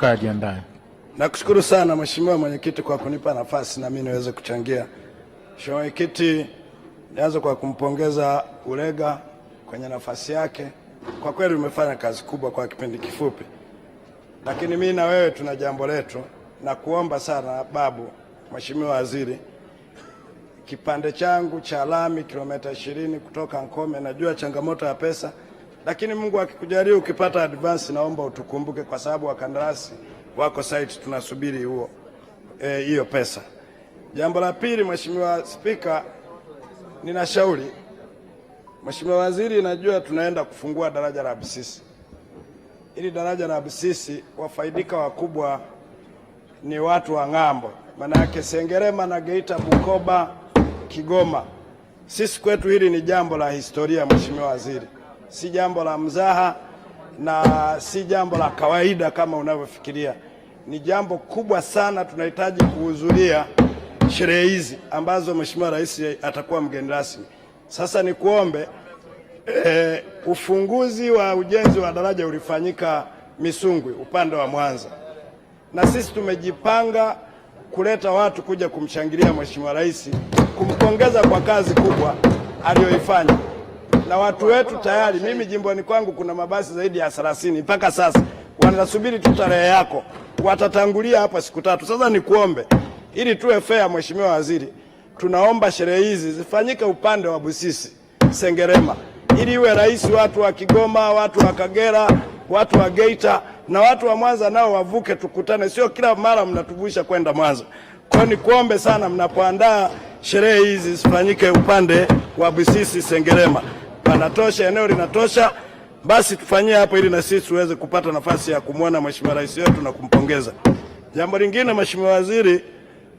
Kajiandae. Nakushukuru sana Mheshimiwa Mwenyekiti kwa kunipa nafasi na mimi niweze kuchangia. Mheshimiwa Mwenyekiti, nianze kwa kumpongeza Ulega kwenye nafasi yake. Kwa kweli umefanya kazi kubwa kwa kipindi kifupi, lakini mimi na wewe tuna jambo letu na kuomba sana babu, Mheshimiwa Waziri, kipande changu cha lami kilomita ishirini kutoka Nkome, najua changamoto ya pesa lakini Mungu akikujalia ukipata advance, naomba utukumbuke, kwa sababu wakandarasi wako site tunasubiri e, hiyo e, pesa. Jambo la pili, Mheshimiwa Spika, ninashauri Mheshimiwa Waziri, najua tunaenda kufungua daraja la Busisi. Ili daraja la Busisi wafaidika wakubwa ni watu wa ng'ambo, maana yake Sengerema na Geita, Bukoba, Kigoma. Sisi kwetu hili ni jambo la historia, Mheshimiwa Waziri si jambo la mzaha na si jambo la kawaida kama unavyofikiria. Ni jambo kubwa sana, tunahitaji kuhudhuria sherehe hizi ambazo Mheshimiwa Rais atakuwa mgeni rasmi. Sasa nikuombe e, eh, ufunguzi wa ujenzi wa daraja ulifanyika Misungwi upande wa Mwanza, na sisi tumejipanga kuleta watu kuja kumshangilia Mheshimiwa Rais, kumpongeza kwa kazi kubwa aliyoifanya na watu wetu tayari. Mimi jimboni kwangu kuna mabasi zaidi ya 30 mpaka sasa, wanasubiri tu tarehe yako, watatangulia hapa siku tatu. Sasa nikuombe ili tuwe fair, Mheshimiwa Waziri, tunaomba sherehe hizi zifanyike upande wa Busisi Sengerema, ili iwe rahisi watu wa Kigoma, watu wa Kagera, watu wa Geita na watu wa Mwanza nao wavuke, tukutane. Sio kila mara mnatuvusha kwenda Mwanza. Kwa nikuombe sana, mnapoandaa sherehe hizi zifanyike upande wa Busisi Sengerema panatosha, eneo linatosha, basi tufanyie hapo ili na sisi tuweze kupata nafasi ya kumwona Mheshimiwa Rais wetu na kumpongeza. Jambo lingine, Mheshimiwa Waziri,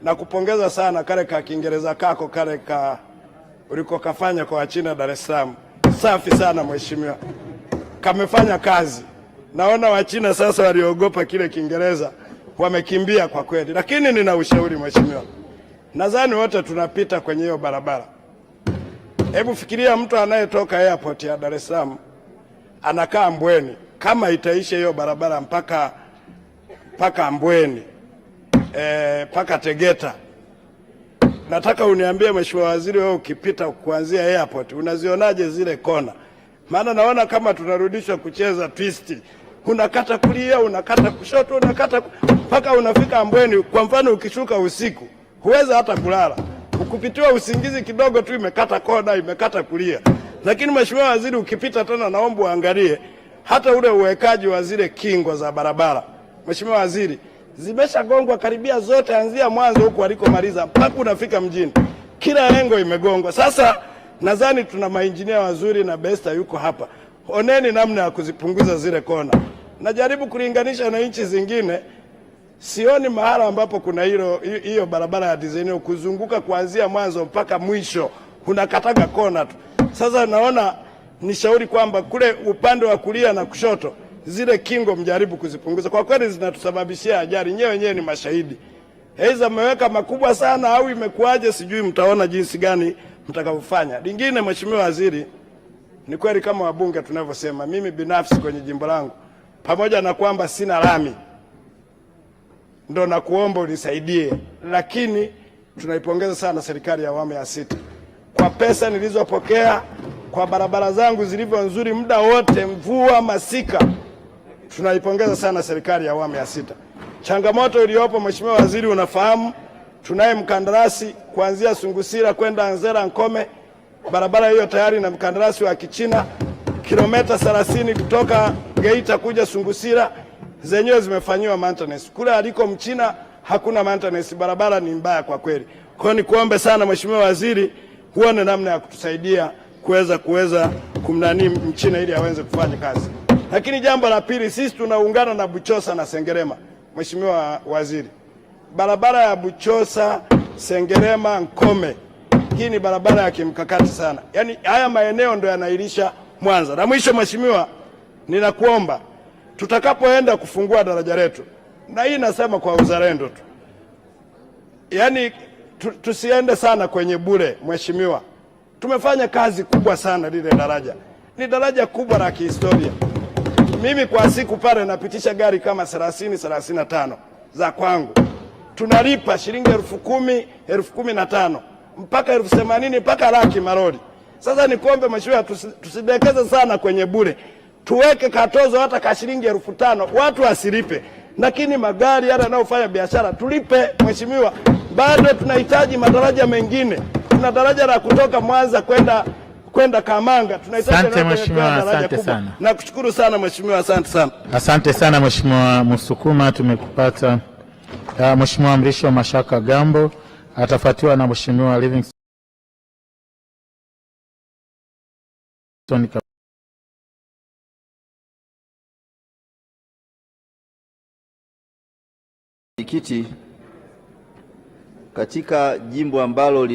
nakupongeza sana kale ka Kiingereza kako kale ka ulikokafanya kwa Wachina Dar es Salaam. Safi sana mheshimiwa, kamefanya kazi. Naona Wachina sasa waliogopa kile Kiingereza wamekimbia kwa kweli, lakini nina ushauri mheshimiwa, nadhani wote tunapita kwenye hiyo barabara. Hebu fikiria mtu anayetoka airport ya Dar es Salaam anakaa Mbweni, kama itaisha hiyo barabara mpaka mpaka Mbweni eh, mpaka e, Tegeta. Nataka uniambie Mheshimiwa Waziri, wewe ukipita kuanzia airport unazionaje zile kona? Maana naona kama tunarudishwa kucheza twist, unakata kulia, unakata kushoto, unakata mpaka unafika Mbweni. Kwa mfano, ukishuka usiku huweza hata kulala kupitiwa usingizi kidogo tu, imekata koda, imekata kulia. Lakini mheshimiwa waziri, ukipita tena, naomba uangalie hata ule uwekaji wa zile kingo za barabara. Mheshimiwa waziri, zimeshagongwa karibia zote, anzia mwanzo huku alikomaliza mpaka unafika mjini, kila lengo imegongwa. Sasa nadhani tuna mainjinia wazuri na Besta yuko hapa, oneni namna ya kuzipunguza zile kona. Najaribu kulinganisha na nchi zingine sioni mahala ambapo kuna hilo hiyo barabara ya dizaini kuzunguka kuanzia mwanzo mpaka mwisho, unakataga kona tu. Sasa naona nishauri kwamba kule upande wa kulia na kushoto zile kingo mjaribu kuzipunguza, kwa kweli zinatusababishia ajali. Nyewe wenyewe ni mashahidi, aidha mmeweka makubwa sana au imekuwaje sijui, mtaona jinsi gani mtakavyofanya. Lingine, Mheshimiwa Waziri, ni kweli kama wabunge tunavyosema, mimi binafsi kwenye jimbo langu pamoja na kwamba sina lami ndo nakuomba unisaidie. Lakini tunaipongeza sana serikali ya awamu ya sita kwa pesa nilizopokea kwa barabara zangu zilivyo nzuri muda wote, mvua masika. Tunaipongeza sana serikali ya awamu ya sita. Changamoto iliyopo, Mheshimiwa Waziri, unafahamu tunaye mkandarasi kuanzia Sungusira kwenda Anzera Nkome, barabara hiyo tayari na mkandarasi wa Kichina, kilometa 30 kutoka Geita kuja Sungusira zenyewe zimefanyiwa maintenance. Kule aliko mchina hakuna maintenance, barabara ni mbaya kwa kweli. Kwa hiyo nikuombe sana Mheshimiwa Waziri, huone namna ya kutusaidia kuweza kuweza kumnani mchina ili aweze kufanya kazi. Lakini jambo la pili, sisi tunaungana na Buchosa na Sengerema. Mheshimiwa Waziri, barabara ya Buchosa Sengerema Nkome hii ni barabara ya kimkakati sana, yaani haya maeneo ndo yanailisha Mwanza. Na mwisho Mheshimiwa, ninakuomba tutakapoenda kufungua daraja letu, na hii nasema kwa uzalendo tu, yaani tusiende sana kwenye bure. Mheshimiwa, tumefanya kazi kubwa sana. Lile daraja ni daraja kubwa la kihistoria. Mimi kwa siku pale napitisha gari kama 30 35 za kwangu, tunalipa shilingi elfu kumi elfu kumi na tano mpaka elfu themanini mpaka laki maroli. Sasa nikombe mheshimiwa, tusidekeze sana kwenye bure tuweke katozo hata ka shilingi elfu tano watu wasilipe, lakini magari hata yanayofanya biashara tulipe. Mheshimiwa, bado tunahitaji madaraja mengine. Tuna daraja la kutoka Mwanza kwenda kwenda Kamanga, tunahitaji Asante kubwa. Nakushukuru sana mheshimiwa, asante sana. Asante sana mheshimiwa Musukuma, tumekupata. Ah, mheshimiwa Mrisho Mashaka Gambo atafuatiwa na mheshimiwa Livingstone. Mwenyekiti, katika jimbo ambalo